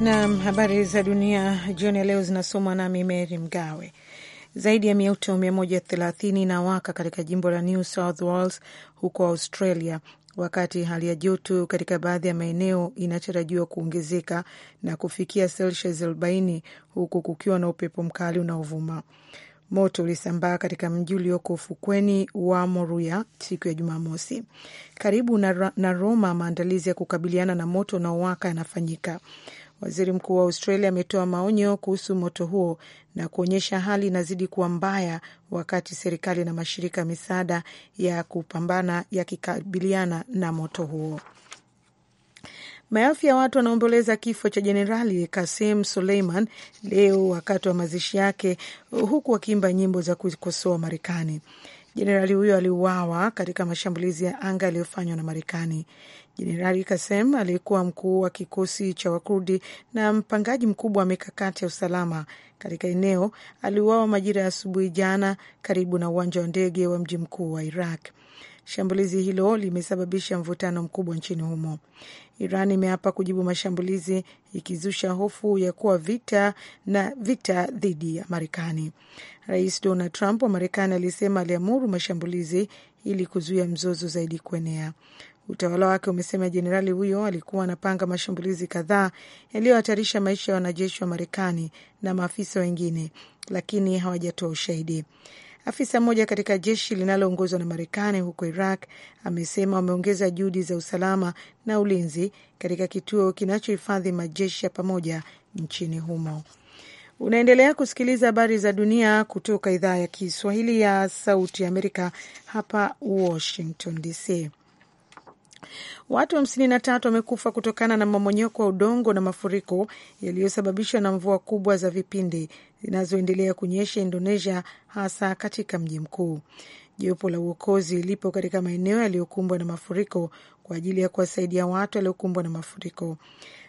Naam, habari za dunia jioni ya leo zinasomwa nami Mary Mgawe. Zaidi ya mioto 130 inawaka katika jimbo la New South Wales huko Australia, wakati hali ya joto katika baadhi ya maeneo inatarajiwa kuongezeka na kufikia Celsius 40 huku kukiwa na upepo mkali unaovuma. Moto ulisambaa katika mji ulioko ufukweni wa Moruya siku ya Jumamosi. Karibu na, na Roma, maandalizi ya kukabiliana na moto unaowaka yanafanyika. Waziri mkuu wa Australia ametoa maonyo kuhusu moto huo na kuonyesha hali inazidi kuwa mbaya, wakati serikali na mashirika ya misaada ya kupambana yakikabiliana na moto huo. Maelfu ya watu wanaomboleza kifo cha Jenerali Kasim Suleiman leo wakati wa mazishi yake, huku wakiimba nyimbo za kukosoa Marekani. Jenerali huyo aliuawa katika mashambulizi ya anga yaliyofanywa na Marekani. Jenerali Kasem aliyekuwa mkuu wa kikosi cha Wakurdi na mpangaji mkubwa wa mikakati ya usalama katika eneo aliuawa majira ya asubuhi jana karibu na uwanja wa ndege wa mji mkuu wa Iraq. Shambulizi hilo limesababisha mvutano mkubwa nchini humo. Iran imeapa kujibu mashambulizi, ikizusha hofu ya kuwa vita na vita dhidi ya Marekani. Rais Donald Trump wa Marekani alisema aliamuru mashambulizi ili kuzuia mzozo zaidi kuenea. Utawala wake umesema jenerali huyo alikuwa anapanga mashambulizi kadhaa yaliyohatarisha maisha ya wanajeshi wa Marekani na maafisa wengine, lakini hawajatoa ushahidi. Afisa mmoja katika jeshi linaloongozwa na Marekani huko Iraq amesema wameongeza juhudi za usalama na ulinzi katika kituo kinachohifadhi majeshi ya pamoja nchini humo. Unaendelea kusikiliza habari za dunia kutoka idhaa ya Kiswahili ya Sauti ya Amerika hapa Washington DC. Watu hamsini tatu wamekufa kutokana na mamonyoko wa udongo na mafuriko yaliyosababishwa na mvua kubwa za vipindi zinazoendelea kunyesha Indonesia, hasa katika mji mkuu. Jopo la uokozi lipo katika maeneo yaliyokumbwa na mafuriko kwa ajili ya kuwasaidia watu waliokumbwa na mafuriko.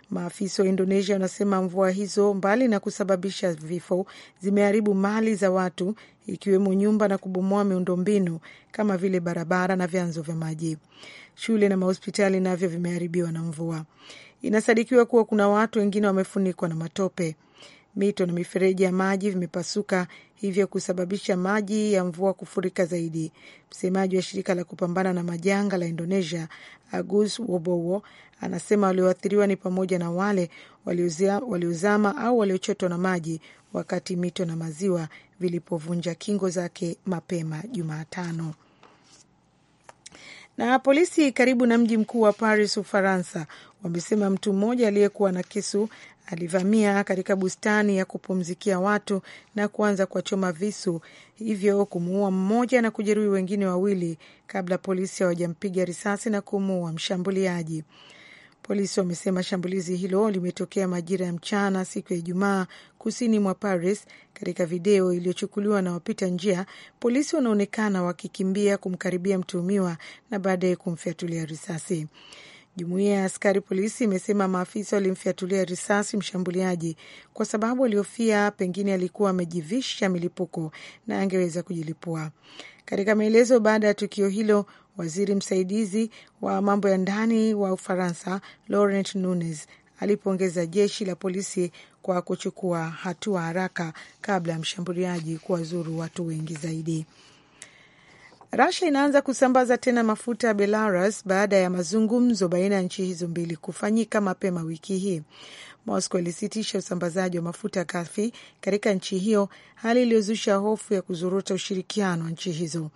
Maafisa wa Indonesia wanasema mvua hizo, mbali na kusababisha vifo, zimeharibu mali za watu, ikiwemo nyumba na kubomoa miundombinu kama vile barabara na vyanzo vya maji shule na mahospitali navyo vimeharibiwa na mvua. Inasadikiwa kuwa kuna watu wengine wamefunikwa na matope. Mito na mifereji ya maji vimepasuka, hivyo kusababisha maji ya mvua kufurika zaidi. Msemaji wa shirika la kupambana na majanga la Indonesia, Agus Wobowo, anasema walioathiriwa ni pamoja na wale waliozama au waliochotwa na maji wakati mito na maziwa vilipovunja kingo zake mapema Jumatano. Na polisi karibu na mji mkuu wa Paris, Ufaransa, wamesema mtu mmoja aliyekuwa na kisu alivamia katika bustani ya kupumzikia watu na kuanza kuwachoma visu, hivyo kumuua mmoja na kujeruhi wengine wawili kabla polisi hawajampiga risasi na kumuua mshambuliaji. Polisi wamesema shambulizi hilo limetokea majira ya mchana siku ya Ijumaa kusini mwa Paris. Katika video iliyochukuliwa na wapita njia, polisi wanaonekana wakikimbia kumkaribia mtuhumiwa na baadaye kumfyatulia risasi. Jumuiya ya askari polisi imesema maafisa walimfyatulia risasi mshambuliaji kwa sababu alihofia pengine alikuwa amejivisha milipuko na angeweza kujilipua. Katika maelezo baada ya tukio hilo, waziri msaidizi wa mambo ya ndani wa Ufaransa Laurent Nunes alipongeza jeshi la polisi kwa kuchukua hatua haraka kabla ya mshambuliaji kuwazuru watu wengi zaidi. rasia inaanza kusambaza tena mafuta ya Belarus baada ya mazungumzo baina ya nchi hizo mbili kufanyika mapema wiki hii. Moscow ilisitisha usambazaji wa mafuta ghafi katika nchi hiyo, hali iliyozusha hofu ya kuzorota ushirikiano wa nchi hizo.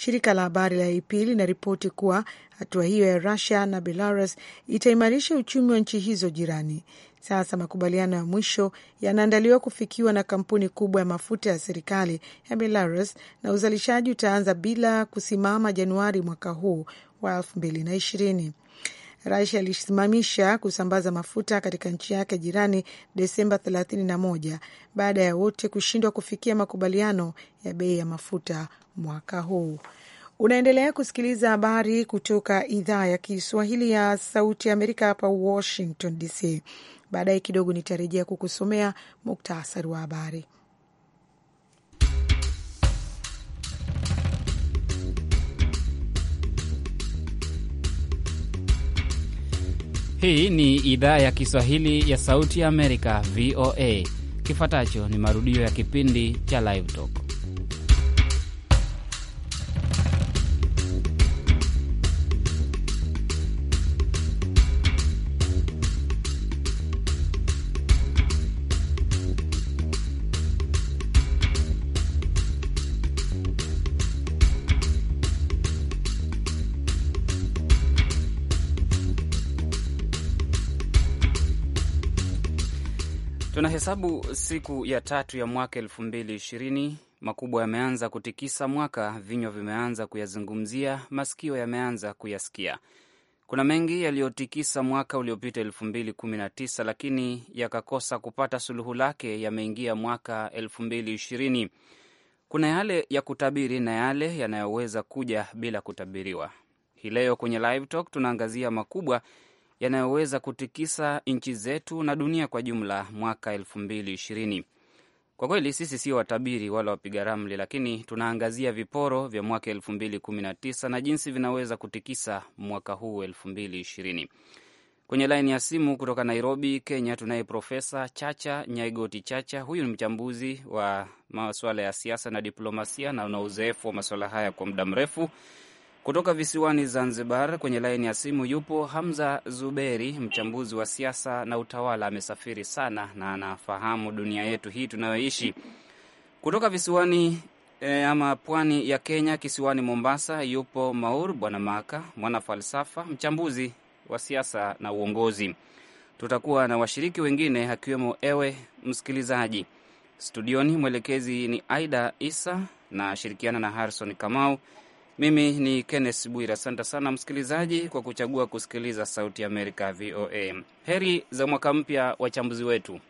Shirika la habari la AP linaripoti kuwa hatua hiyo ya Rusia na Belarus itaimarisha uchumi wa nchi hizo jirani. Sasa makubaliano ya mwisho yanaandaliwa kufikiwa na kampuni kubwa ya mafuta ya serikali ya Belarus na uzalishaji utaanza bila kusimama Januari mwaka huu wa elfu mbili na ishirini. Rasia ilisimamisha kusambaza mafuta katika nchi yake jirani Desemba 31 baada ya wote kushindwa kufikia makubaliano ya bei ya mafuta mwaka huu. Unaendelea kusikiliza habari kutoka idhaa ya Kiswahili ya Sauti ya Amerika hapa Washington DC. Baadaye kidogo nitarejea kukusomea muktasari wa habari. Hii ni idhaa ya Kiswahili ya Sauti ya Amerika, VOA. Kifuatacho ni marudio ya kipindi cha Live Talk. Tunahesabu siku ya tatu ya mwaka elfu mbili ishirini. Makubwa yameanza kutikisa mwaka, vinywa vimeanza kuyazungumzia, masikio yameanza kuyasikia. Kuna mengi yaliyotikisa mwaka uliopita elfu mbili kumi na tisa, lakini yakakosa kupata suluhu lake, yameingia mwaka elfu mbili ishirini. Kuna yale ya kutabiri na yale yanayoweza kuja bila kutabiriwa. Hii leo kwenye Live Talk tunaangazia makubwa yanayoweza kutikisa nchi zetu na dunia kwa jumla mwaka elfu mbili ishirini. Kwa kweli sisi sio watabiri wala wapiga ramli, lakini tunaangazia viporo vya mwaka elfu mbili kumi na tisa na jinsi vinaweza kutikisa mwaka huu elfu mbili ishirini. Kwenye laini ya simu kutoka Nairobi, Kenya, tunaye Profesa Chacha Nyaigoti Chacha. Huyu ni mchambuzi wa masuala ya siasa na diplomasia na una uzoefu wa masuala haya kwa muda mrefu. Kutoka visiwani Zanzibar, kwenye laini ya simu yupo Hamza Zuberi, mchambuzi wa siasa na utawala. Amesafiri sana na anafahamu dunia yetu hii tunayoishi. Kutoka visiwani e, ama pwani ya Kenya, kisiwani Mombasa, yupo Maur Bwana Maka, mwana falsafa, mchambuzi wa siasa na uongozi. Tutakuwa na washiriki wengine akiwemo ewe msikilizaji. Studioni mwelekezi ni Aida Isa na shirikiana na Harrison Kamau. Mimi ni Kenneth Bwira. Asante sana msikilizaji kwa kuchagua kusikiliza Sauti Amerika VOA. Heri za mwaka mpya, wachambuzi wetu.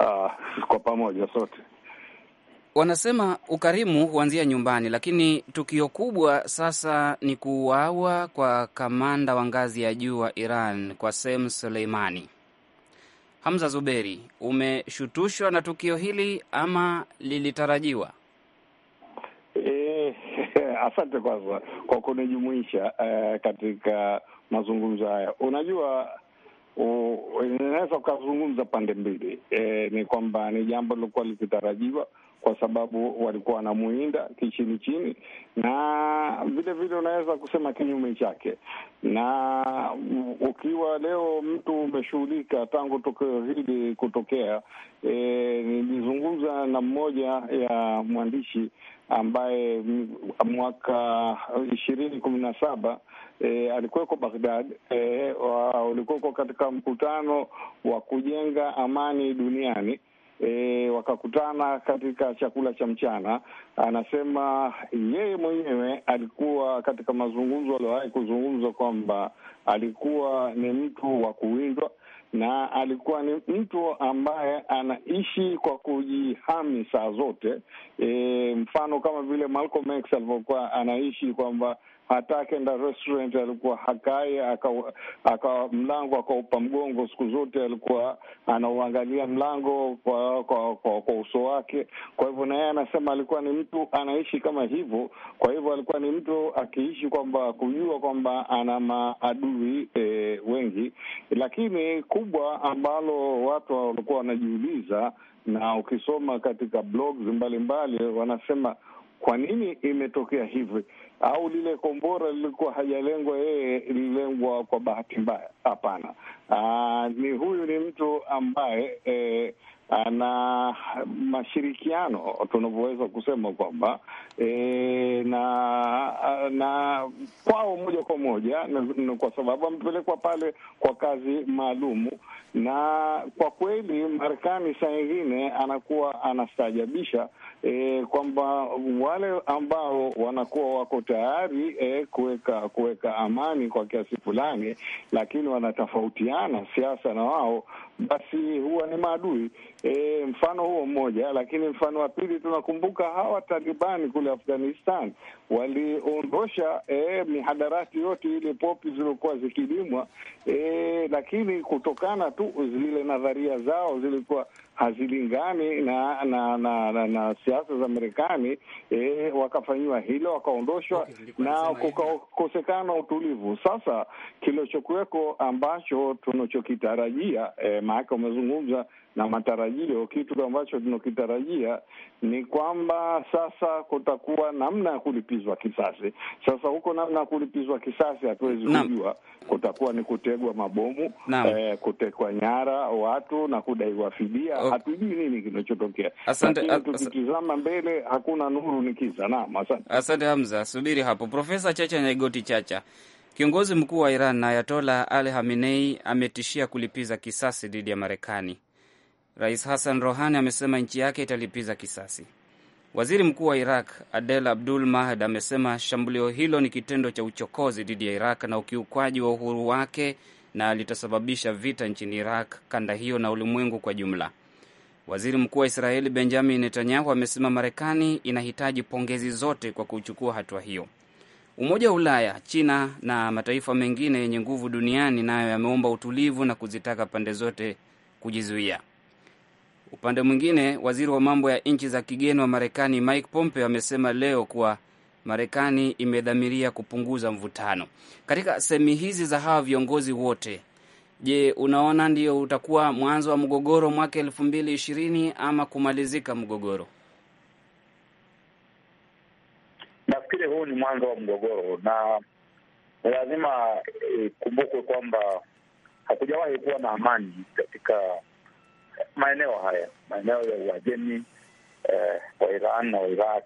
Ah, kwa pamoja sote wanasema ukarimu huanzia nyumbani, lakini tukio kubwa sasa ni kuuawa kwa kamanda wa ngazi ya juu wa Iran Qasem Soleimani. Hamza Zuberi, umeshutushwa na tukio hili ama lilitarajiwa? asante kwanza kwa kunijumuisha eh, katika mazungumzo haya. Unajua inaweza ukazungumza pande mbili eh, ni kwamba ni jambo lilokuwa likitarajiwa kwa sababu walikuwa wanamuinda kichini chini, na vile vile unaweza kusema kinyume chake. Na ukiwa leo mtu umeshughulika tangu tukio hili kutokea, e, nilizungumza na mmoja ya mwandishi ambaye mwaka ishirini kumi na saba e, alikuweko Baghdad e, ulikuweko katika mkutano wa kujenga amani duniani. E, wakakutana katika chakula cha mchana. Anasema yeye mwenyewe alikuwa katika mazungumzo aliowahi kuzungumza kwamba alikuwa ni mtu wa kuwindwa na alikuwa ni mtu ambaye anaishi kwa kujihami saa zote. E, mfano kama vile Malcolm X alivyokuwa anaishi kwamba hata akenda restaurant alikuwa hakai aka, aka mlango akaupa mgongo, siku zote alikuwa anauangalia mlango kwa kwa, kwa, kwa uso wake. Kwa hivyo na yeye anasema alikuwa ni mtu anaishi kama hivyo. Kwa hivyo alikuwa ni mtu akiishi kwamba kujua kwamba ana maadui e, wengi, lakini kubwa ambalo watu walikuwa wanajiuliza na ukisoma katika blogs mbalimbali mbali, wanasema kwa nini imetokea hivi? au lile kombora lilikuwa hajalengwa yeye, lililengwa kwa bahati mbaya? Hapana. Ah, ni huyu ni mtu ambaye e, ana mashirikiano tunavyoweza kusema kwamba e, na na kwao moja kwa moja, kwa sababu amepelekwa pale kwa kazi maalumu, na kwa kweli Marekani saa ingine anakuwa anastaajabisha e, kwamba wale ambao wanakuwa wako tayari e, kuweka kuweka amani kwa kiasi fulani, lakini wanatofautiana siasa na wao basi huwa ni maadui e, mfano huo mmoja. Lakini mfano wa pili tunakumbuka hawa Talibani kule Afghanistan waliondosha e, mihadarati yote ile popi zilikuwa zikilimwa e, lakini kutokana tu zile nadharia zao zilikuwa hazilingani na na na, na, na siasa za Marekani e, wakafanyiwa hilo wakaondoshwa, okay, na kukosekana utulivu. Sasa kilichokuweko ambacho tunachokitarajia e, maake umezungumza na matarajio. Kitu ambacho tunakitarajia ni kwamba sasa kutakuwa namna ya kulipizwa kisasi. Sasa huko namna ya kulipizwa kisasi hatuwezi kujua, kutakuwa ni kutegwa mabomu eh, kutekwa nyara watu na kudaiwa fidia Hatujui nini kinachotokea, lakini tukitizama mbele hakuna nuru, ni kiza. Naam, asante, asante Hamza. Subiri hapo, Profesa Chacha Nyaigoti Chacha. Kiongozi mkuu wa Iran Ayatola Al Hamenei ametishia kulipiza kisasi dhidi ya Marekani. Rais Hassan Rohani amesema nchi yake italipiza kisasi. Waziri mkuu wa Iraq Adel Abdul Mahd amesema shambulio hilo ni kitendo cha uchokozi dhidi ya Iraq na ukiukwaji wa uhuru wake na litasababisha vita nchini Iraq, kanda hiyo na ulimwengu kwa jumla. Waziri mkuu wa Israeli Benjamin Netanyahu amesema Marekani inahitaji pongezi zote kwa kuchukua hatua hiyo. Umoja wa Ulaya, China na mataifa mengine yenye nguvu duniani nayo yameomba utulivu na kuzitaka pande zote kujizuia. Upande mwingine, waziri wa mambo ya nchi za kigeni wa Marekani Mike Pompeo amesema leo kuwa Marekani imedhamiria kupunguza mvutano. Katika sehemu hizi za hawa viongozi wote, je, unaona ndio utakuwa mwanzo wa mgogoro mwaka elfu mbili ishirini ama kumalizika mgogoro? huu ni mwanzo wa mgogoro, na lazima ikumbukwe eh, e, kwamba hakujawahi kuwa na amani katika maeneo haya, maeneo ya Uajemi eh, wa Iran na Wairaq,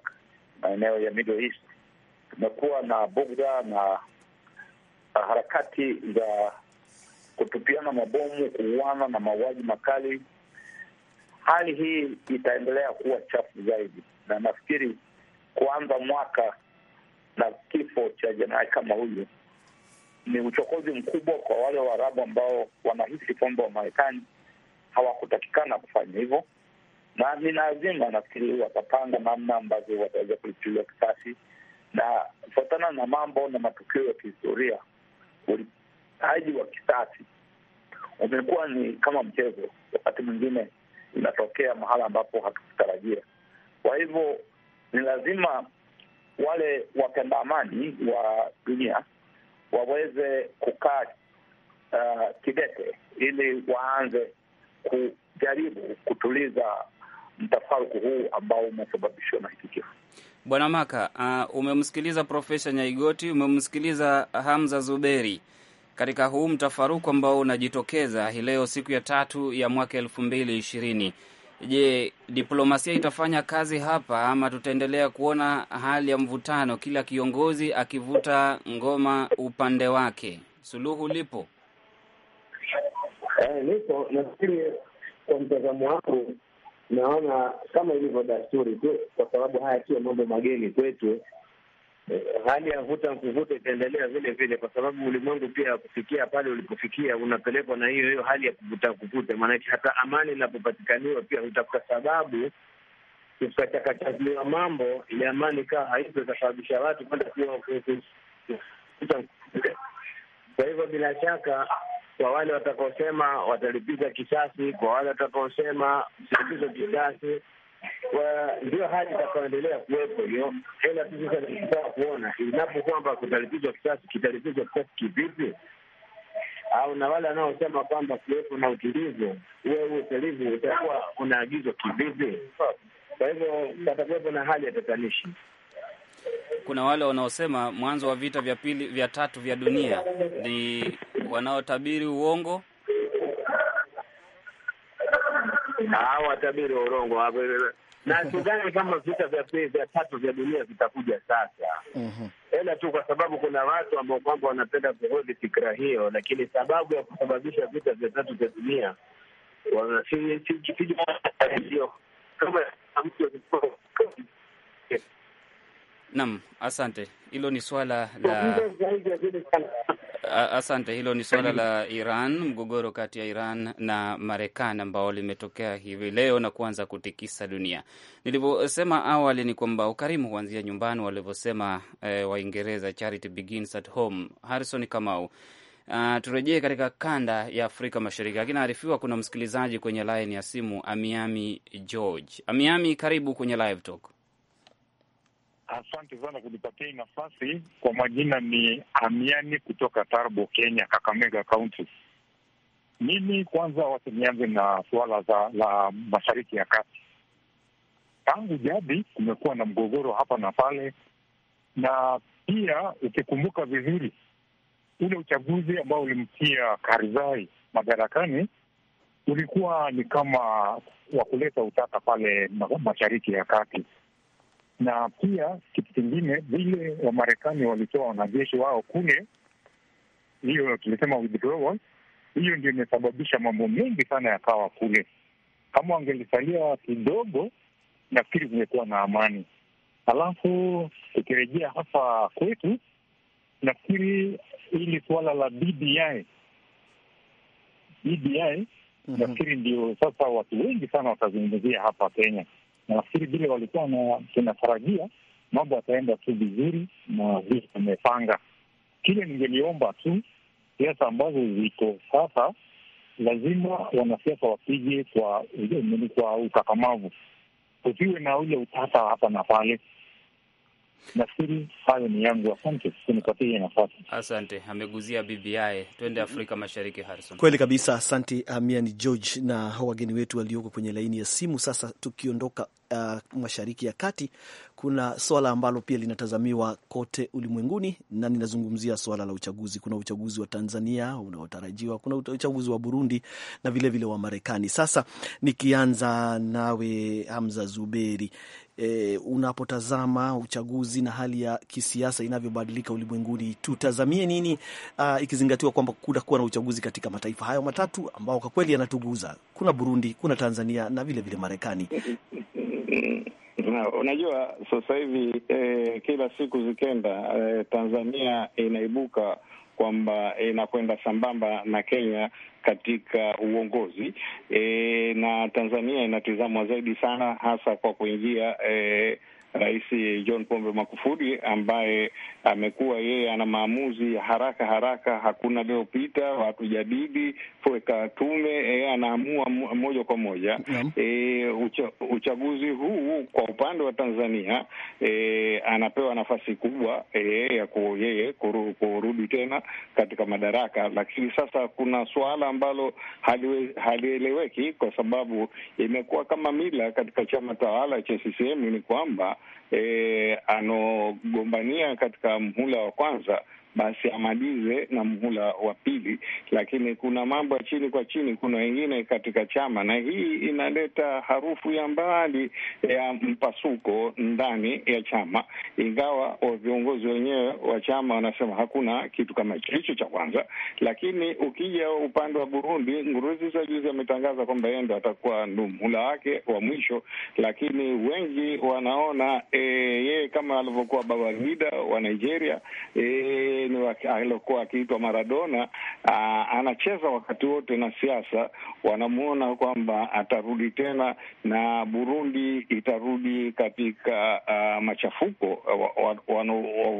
maeneo ya Middle East. na bugdha na harakati za kutupiana mabomu, kuuana na mauaji makali. Hali hii itaendelea kuwa chafu zaidi, na nafikiri kuanza mwaka na kifo cha jenerali kama huyu ni uchokozi mkubwa kwa wale Waarabu ambao wanahisi kwamba Wamarekani hawakutakikana kufanya hivyo, na ni lazima nafikiri watapanga namna ambazo wataweza kulipilia kisasi, na kufuatana na mambo na matukio ya kihistoria, ulipaji wa kisasi umekuwa ni kama mchezo, wakati mwingine inatokea mahala ambapo hatukutarajia. Kwa hivyo ni lazima wale wapenda amani wa dunia waweze kukaa uh, kidete ili waanze kujaribu kutuliza mtafaruku huu ambao umesababishwa na hiki kifo. Bwana Maka, uh, umemsikiliza Profesa Nyaigoti, umemsikiliza Hamza Zuberi katika huu mtafaruku ambao unajitokeza hii leo siku ya tatu ya mwaka elfu mbili ishirini. Je, diplomasia itafanya kazi hapa ama tutaendelea kuona hali ya mvutano, kila kiongozi akivuta ngoma upande wake? Suluhu lipo? Eh, lipo. Nafikiri kwa mtazamo wangu, naona kama ilivyo dasturi tu, kwa sababu haya sio mambo mageni kwetu Eh, hali ya vuta kuvuta itaendelea vile vile, kwa sababu ulimwengu pia kufikia pale ulipofikia unapelekwa na hiyo hiyo hali ya kuvuta kuvuta. Maanake hata amani inapopatikaniwa pia hutafuta sababu ukachakachakuliwa mambo, ile amani kaa haipo, itasababisha watu kwenda kuvuta. Kwa hivyo bila shaka kwa wale watakaosema watalipiza kisasi, kwa wale watakaosema silipizo kisasi ndio hali itakaoendelea kuwepo hiyo. Ila tu sasa nikitaka kuona inapo kwamba kutalipizwa kisasi, kitalipizwa kisasi kivipi? Au na wale wanaosema kwamba kuwepo na utulivu, huwe huo utulivu utakuwa unaagizwa kivipi? Kwa hivyo patakuwepo na hali ya tatanishi. Kuna wale wanaosema mwanzo wa vita vya pili vya tatu vya dunia ni wanaotabiri uongo watabiri wa urongo hapo, na sidhani kama vita vya pili vya tatu vya dunia vitakuja sasa, mhm. ila tu kwa sababu kuna watu ambao kwamba wanapenda kuhodhi fikira hiyo, lakini sababu ya kusababisha vita vya tatu vya dunia Naam, asante. Hilo ni swala la Asante. Hilo ni suala la Iran, mgogoro kati ya Iran na Marekani ambao limetokea hivi leo na kuanza kutikisa dunia. Nilivyosema awali ni kwamba ukarimu huanzia nyumbani, walivyosema eh, Waingereza, charity begins at home. Harrison Kamau, uh, turejee katika kanda ya Afrika Mashariki, lakini kuna msikilizaji kwenye laini ya simu, Amiami George. Amiami, karibu kwenye Live Talk. Asante sana kunipatia hii nafasi. Kwa majina ni Amiani kutoka Tarbo, Kenya, Kakamega Kaunti. Mimi kwanza, wacha nianze na suala za la mashariki ya kati. Tangu jadi kumekuwa na mgogoro hapa na pale, na pia ukikumbuka vizuri ule uchaguzi ambao ulimtia Karzai madarakani ulikuwa ni kama wa kuleta utata pale mashariki ya kati na pia kitu kingine, vile Wamarekani walitoa wanajeshi wao kule, hiyo tulisema withdrawal, hiyo ndio imesababisha mambo mengi sana yakawa kule. Kama wangelisalia kidogo, nafikiri kungekuwa na amani. alafu tukirejea hapa kwetu, nafikiri hili suala la BBI BBI, mhm. nafikiri ndio sasa watu wengi sana watazungumzia hapa Kenya nafikiri vile walikuwa na tunatarajia mambo ataenda tu vizuri na vile wamepanga. Kile ningeliomba tu, siasa ambazo ziko sasa, lazima wanasiasa wapige kwa, kwa ukakamavu, usiwe na ule utata hapa na pale Nafikiri hayo ni yangu, asante kunipatia hiyo nafasi. Asante, ameguzia BBI. Twende Afrika Mashariki, Harrison. Kweli kabisa, asante Amiani uh, George na wageni wetu walioko kwenye laini ya simu. Sasa tukiondoka uh, mashariki ya kati, kuna swala ambalo pia linatazamiwa kote ulimwenguni, na ninazungumzia swala la uchaguzi. Kuna uchaguzi wa Tanzania unaotarajiwa, kuna uchaguzi wa Burundi na vilevile vile wa Marekani. Sasa nikianza nawe Hamza Zuberi, e, unapotazama uchaguzi na hali ya kisiasa inavyobadilika ulimwenguni, tutazamie nini uh, ikizingatiwa kwamba kutakuwa na uchaguzi katika mataifa hayo matatu ambao kwa kweli yanatuguza. Kuna Burundi, kuna Tanzania na vilevile Marekani. Unajua sasa hivi eh, kila siku zikenda eh, Tanzania inaibuka kwamba eh, inakwenda sambamba na Kenya katika uongozi e, na Tanzania inatizamwa zaidi sana hasa kwa kuingia e, Rais John Pombe Magufuli ambaye amekuwa yeye ana maamuzi ya haraka haraka, hakuna watu jadidi kuweka tume, yeye anaamua moja kwa moja E, ucha, uchaguzi huu kwa upande wa Tanzania e, anapewa nafasi kubwa e, ya ku, yeye kuru, kurudi tena katika madaraka, lakini sasa kuna suala ambalo halieleweki kwa sababu imekuwa kama mila katika chama tawala cha CCM ni kwamba eh, anogombania katika mhula wa kwanza basi amalize na mhula wa pili, lakini kuna mambo ya chini kwa chini, kuna wengine katika chama, na hii inaleta harufu ya mbali ya mpasuko ndani ya chama, ingawa viongozi wenyewe wa chama wanasema hakuna kitu kama hicho. Hicho cha kwanza, lakini ukija upande wa Burundi, Nkurunziza juzi ametangaza kwamba yeye ndo atakuwa ndo mhula wake wa mwisho, lakini wengi wanaona eh, yeye kama alivyokuwa Babangida wa Nigeria e, aliyokuwa akiitwa Maradona uh, anacheza wakati wote na siasa, wanamwona kwamba atarudi tena na Burundi itarudi katika uh, machafuko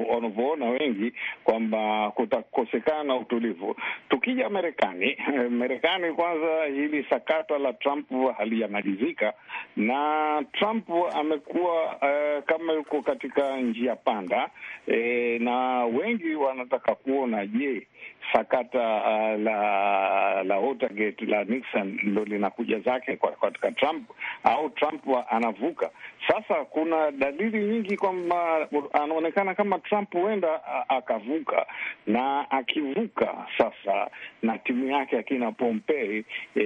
wanavyoona wengi kwamba kutakosekana utulivu. Tukija Marekani, Marekani kwanza, hili sakata la Trump halijamalizika na Trump amekuwa uh, kama yuko katika njia panda e, na wengi wa anataka kuona, je, sakata uh, la la Watergate la Nixon ndo linakuja zake katika Trump au Trump anavuka? Sasa kuna dalili nyingi kwamba anaonekana kama Trump huenda ah, akavuka, na akivuka sasa na timu yake akina Pompei e,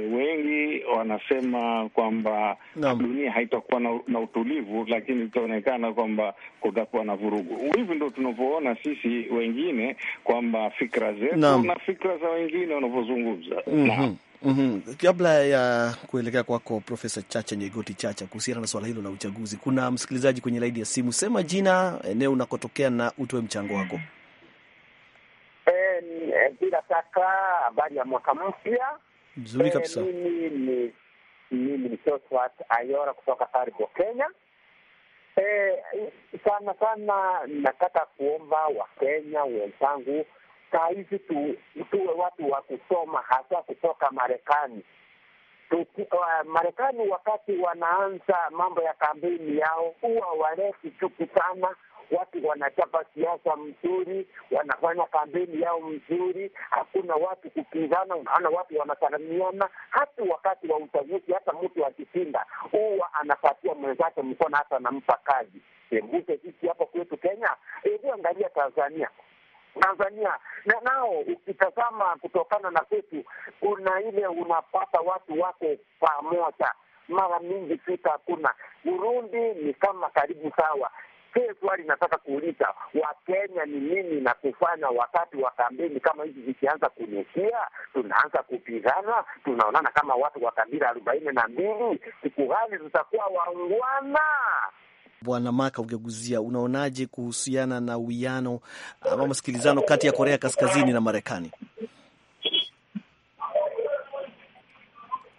wengi wanasema kwamba dunia haitakuwa na, na utulivu, lakini itaonekana kwamba kutakuwa na vurugu. Hivi ndo tunavyoona sisi wengine kwamba fikra zetu na, na fikra za wengine wanavyozungumza mm -hmm. Mm -hmm. Kabla ya kuelekea kwako Profesa Chacha nyegoti Chacha, kuhusiana na swala hilo la uchaguzi, kuna msikilizaji kwenye laidi ya simu. Sema jina, eneo unakotokea na utoe mchango wako. Eh, bila shaka, habari ya mwaka mpya Mzuri eh, kabisa. Mimi ni Ayora kutoka Taribo, Kenya. Eh, sana sana nataka kuomba Wakenya wenzangu saa hizi tu, tuwe watu wa kusoma, hasa kutoka Marekani. Uh, Marekani wakati wanaanza mambo ya kampeni yao huwa warefu chuku sana watu wanachapa siasa mzuri, wanafanya kampeni yao mzuri, hakuna watu kukizana Unaona watu wanasalimiana, hata wakati wa uchaguzi. Hata mtu akishinda huwa anapatia mwenzake mkono, hata anampa kazi. Sembuse sisi hapa kwetu Kenya. Hebu angalia Tanzania. Tanzania na nao ukitazama kutokana na kwetu, kuna ile unapata watu wako pamoja mara mingi, sita hakuna. Burundi ni kama karibu sawa, Sio swali nataka kuuliza Wakenya ni nini na kufanya wakati wa kampeni kama hizi zikianza kunukia, tunaanza kupigana, tunaonana kama watu wa kabila arobaini na mbili. Siku gani tutakuwa waungwana? Bwana Maka ugeguzia, unaonaje kuhusiana na uwiano ama masikilizano kati ya Korea Kaskazini na Marekani?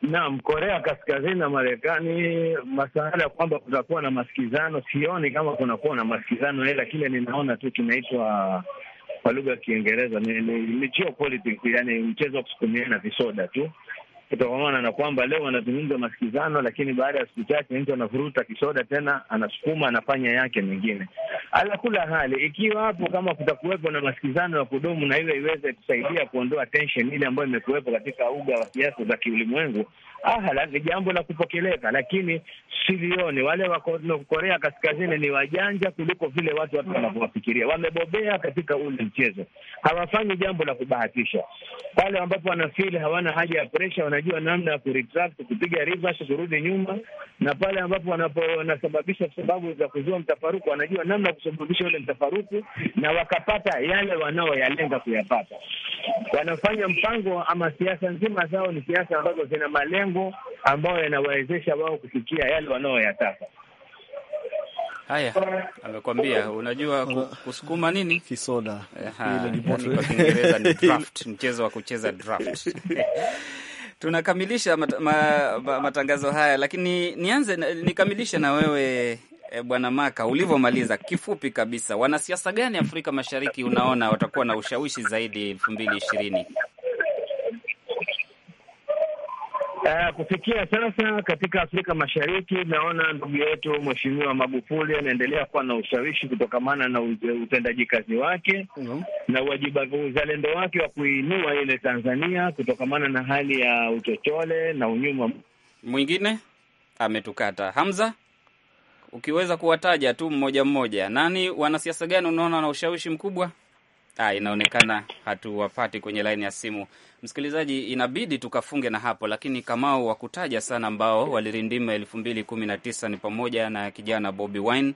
Naam, Korea Kaskazini na Marekani, masuala ya kwamba kutakuwa na masikizano, sioni kama kunakuwa na masikizano, ila kile ninaona tu kinaitwa kwa lugha ya Kiingereza ni, ni, ni geopolitics, yani mchezo wa kusukumiana visoda tu kutokamana na kwamba leo wanazungumza masikizano, lakini baada ya siku chache mtu anavuruta kisoda tena, anasukuma anafanya yake mengine. Ala kula hali, ikiwa hapo kama kutakuwepo na masikizano ya kudumu, na ile iweze kusaidia kuondoa tension ile ambayo imekuwepo katika uga wa siasa za kiulimwengu, ahala ni jambo la kupokeleka, lakini silione wale wa Korea Kaskazini ni wajanja kuliko vile watu watu wanavyowafikiria. Wamebobea katika ule mchezo, hawafanyi jambo la kubahatisha. Pale ambapo wanafili hawana haja ya presha, wanajua namna ya kuretract, kupiga reverse, kurudi nyuma, na pale ambapo wanasababisha sababu za kuzua mtafaruku, wanajua namna ya kusababisha ule mtafaruku, na wakapata yale wanaoyalenga kuyapata. Wanafanya mpango ama siasa nzima zao ni siasa ambazo zina malengo mambo ambayo yanawawezesha wao kufikia yale wanaoyataka. Haya, amekwambia unajua kusukuma nini kisoda, kwa Kiingereza ni draft, mchezo wa kucheza draft. Tunakamilisha mat ma matangazo haya, lakini nianze nikamilishe na wewe e, Bwana Maka, ulivyomaliza kifupi kabisa, wanasiasa gani Afrika Mashariki unaona watakuwa na ushawishi zaidi elfu mbili ishirini? Uh, kufikia sasa katika Afrika Mashariki naona ndugu yetu Mheshimiwa Magufuli anaendelea kuwa na ushawishi kutokamana na utendaji kazi wake mm -hmm. na wa uzalendo wake wa kuinua ile Tanzania kutokamana na hali ya uchochole na unyuma. Mwingine ametukata Hamza, ukiweza kuwataja tu mmoja mmoja, nani wanasiasa gani unaona na ushawishi mkubwa? Ah, inaonekana hatuwapati kwenye laini ya simu. Msikilizaji, inabidi tukafunge na hapo, lakini Kamau wa kutaja sana ambao walirindima elfu mbili kumi na tisa ni pamoja na kijana Bobi Wine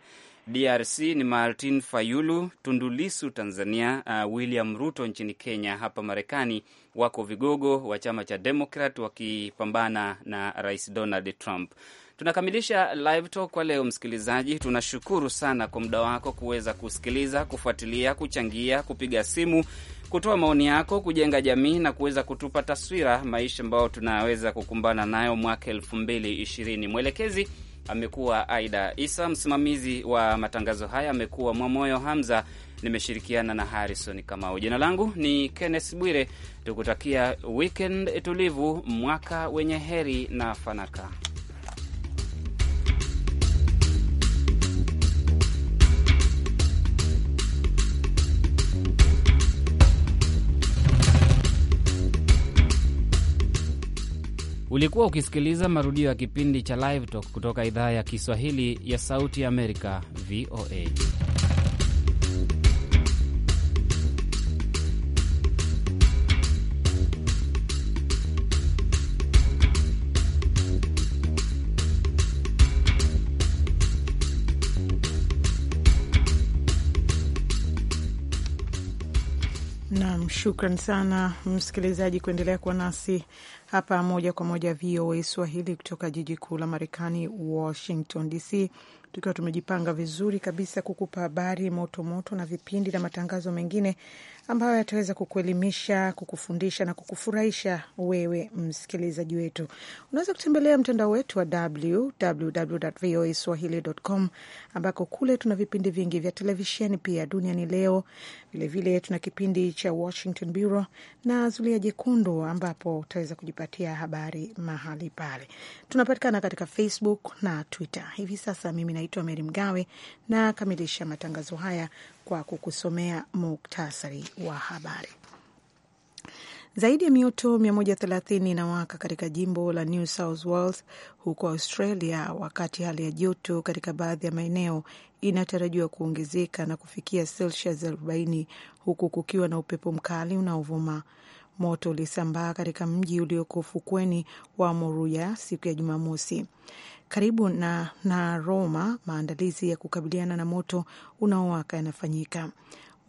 DRC ni Martin Fayulu, Tundulisu Tanzania, uh, William Ruto nchini Kenya. Hapa Marekani wako vigogo wa chama cha Demokrat wakipambana na Rais Donald Trump. Tunakamilisha live talk kwa leo. Msikilizaji, tunashukuru sana kwa muda wako kuweza kusikiliza, kufuatilia, kuchangia, kupiga simu kutoa maoni yako, kujenga jamii na kuweza kutupa taswira maisha ambayo tunaweza kukumbana nayo mwaka elfu mbili ishirini. Mwelekezi amekuwa Aida Isa, msimamizi wa matangazo haya amekuwa Mwamoyo Hamza, nimeshirikiana na Harrison Kamau. Jina langu ni Kenneth Bwire, tukutakia weekend tulivu, mwaka wenye heri na fanaka. Ulikuwa ukisikiliza marudio ya kipindi cha Live Talk kutoka idhaa ya Kiswahili ya Sauti ya Amerika, VOA. Naam, shukran sana msikilizaji kuendelea kuwa nasi hapa moja kwa moja VOA Swahili kutoka jiji kuu la Marekani, Washington DC, tukiwa tumejipanga vizuri kabisa kukupa habari motomoto na vipindi na matangazo mengine ambayo yataweza kukuelimisha, kukufundisha na kukufurahisha wewe msikilizaji wetu. Unaweza kutembelea mtandao wetu wa www.voaswahili.com ambako kule tuna vipindi vingi vya televisheni, pia duniani leo, vilevile tuna kipindi cha Washington Bureau na zulia jekundu, ambapo utaweza kujipatia habari mahali pale. Tunapatikana katika Facebook na Twitter. Hivi sasa mimi naitwa Meri Mgawe na kamilisha matangazo haya kwa kukusomea muktasari wa habari. Zaidi ya mioto 130 inawaka katika jimbo la New South Wales huko Australia, wakati hali ya joto katika baadhi ya maeneo inatarajiwa kuongezeka na kufikia selsiasi 40 huku kukiwa na upepo mkali unaovuma. Moto ulisambaa katika mji ulioko ufukweni wa Moruya siku ya Jumamosi karibu na, na Roma. Maandalizi ya kukabiliana na moto unaowaka yanafanyika.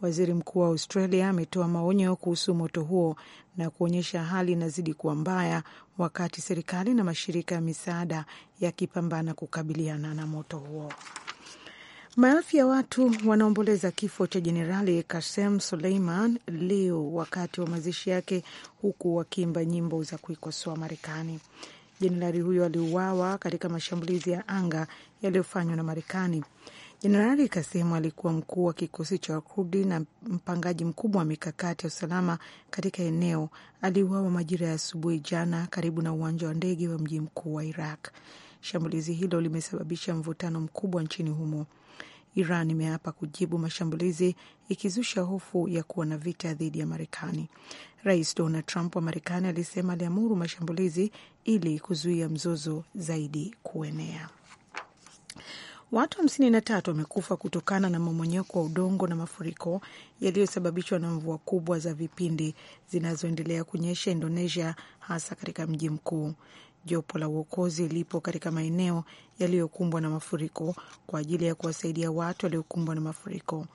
Waziri mkuu wa Australia ametoa maonyo kuhusu moto huo na kuonyesha hali inazidi kuwa mbaya, wakati serikali na mashirika ya misaada yakipambana kukabiliana na moto huo. Maelfu ya watu wanaomboleza kifo cha Jenerali Kasem Suleiman leo wakati wa mazishi yake, huku wakiimba nyimbo za kuikosoa Marekani. Jenerali huyo aliuawa katika mashambulizi ya anga yaliyofanywa na Marekani. Jenerali Kasem alikuwa mkuu wa kikosi cha Wakurdi na mpangaji mkubwa wa mikakati ya usalama katika eneo. Aliuawa majira ya asubuhi jana karibu na uwanja wa ndege wa mji mkuu wa Iraq. Shambulizi hilo limesababisha mvutano mkubwa nchini humo. Iran imeapa kujibu mashambulizi ikizusha hofu ya kuwa na vita dhidi ya Marekani. Rais Donald Trump wa Marekani alisema aliamuru mashambulizi ili kuzuia mzozo zaidi kuenea. Watu hamsini na tatu wamekufa kutokana na mmomonyoko wa udongo na mafuriko yaliyosababishwa na mvua kubwa za vipindi zinazoendelea kunyesha Indonesia, hasa katika mji mkuu jopo la uokozi lipo katika maeneo yaliyokumbwa na mafuriko kwa ajili ya kuwasaidia watu waliokumbwa na mafuriko.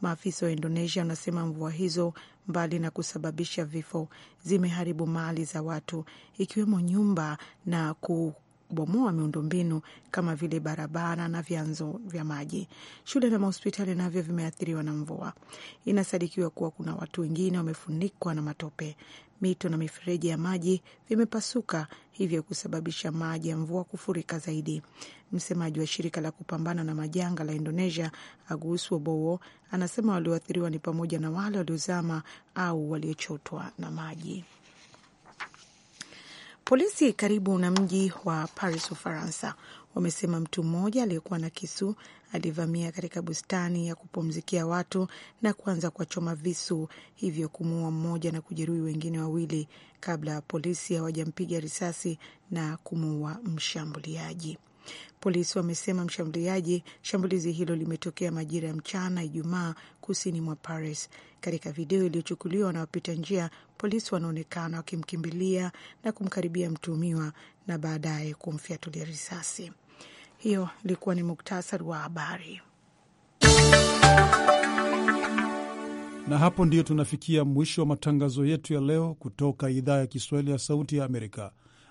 Maafisa wa Indonesia wanasema mvua hizo, mbali na kusababisha vifo, zimeharibu mali za watu ikiwemo nyumba na ku kubomoa miundombinu kama vile barabara na vyanzo vya maji. Shule na mahospitali navyo vimeathiriwa na mvua. Inasadikiwa kuwa kuna watu wengine wamefunikwa na matope. Mito na mifereji ya maji vimepasuka, hivyo kusababisha maji ya mvua kufurika zaidi. Msemaji wa shirika la kupambana na majanga la Indonesia, Agus Wobowo, anasema walioathiriwa ni pamoja na wale waliozama au waliochotwa na maji. Polisi karibu na mji wa Paris, Ufaransa, wamesema mtu mmoja aliyekuwa na kisu alivamia katika bustani ya kupumzikia watu na kuanza kuwachoma visu, hivyo kumuua mmoja na kujeruhi wengine wawili kabla polisi hawajampiga risasi na kumuua mshambuliaji. Polisi wamesema mshambuliaji shambulizi hilo limetokea majira ya mchana Ijumaa kusini mwa Paris. Katika video iliyochukuliwa na wapita njia, polisi wanaonekana wakimkimbilia na kumkaribia mtuhumiwa na baadaye kumfyatulia risasi. Hiyo ilikuwa ni muktasari wa habari. Na hapo ndiyo tunafikia mwisho wa matangazo yetu ya leo kutoka idhaa ya Kiswahili ya Sauti ya Amerika.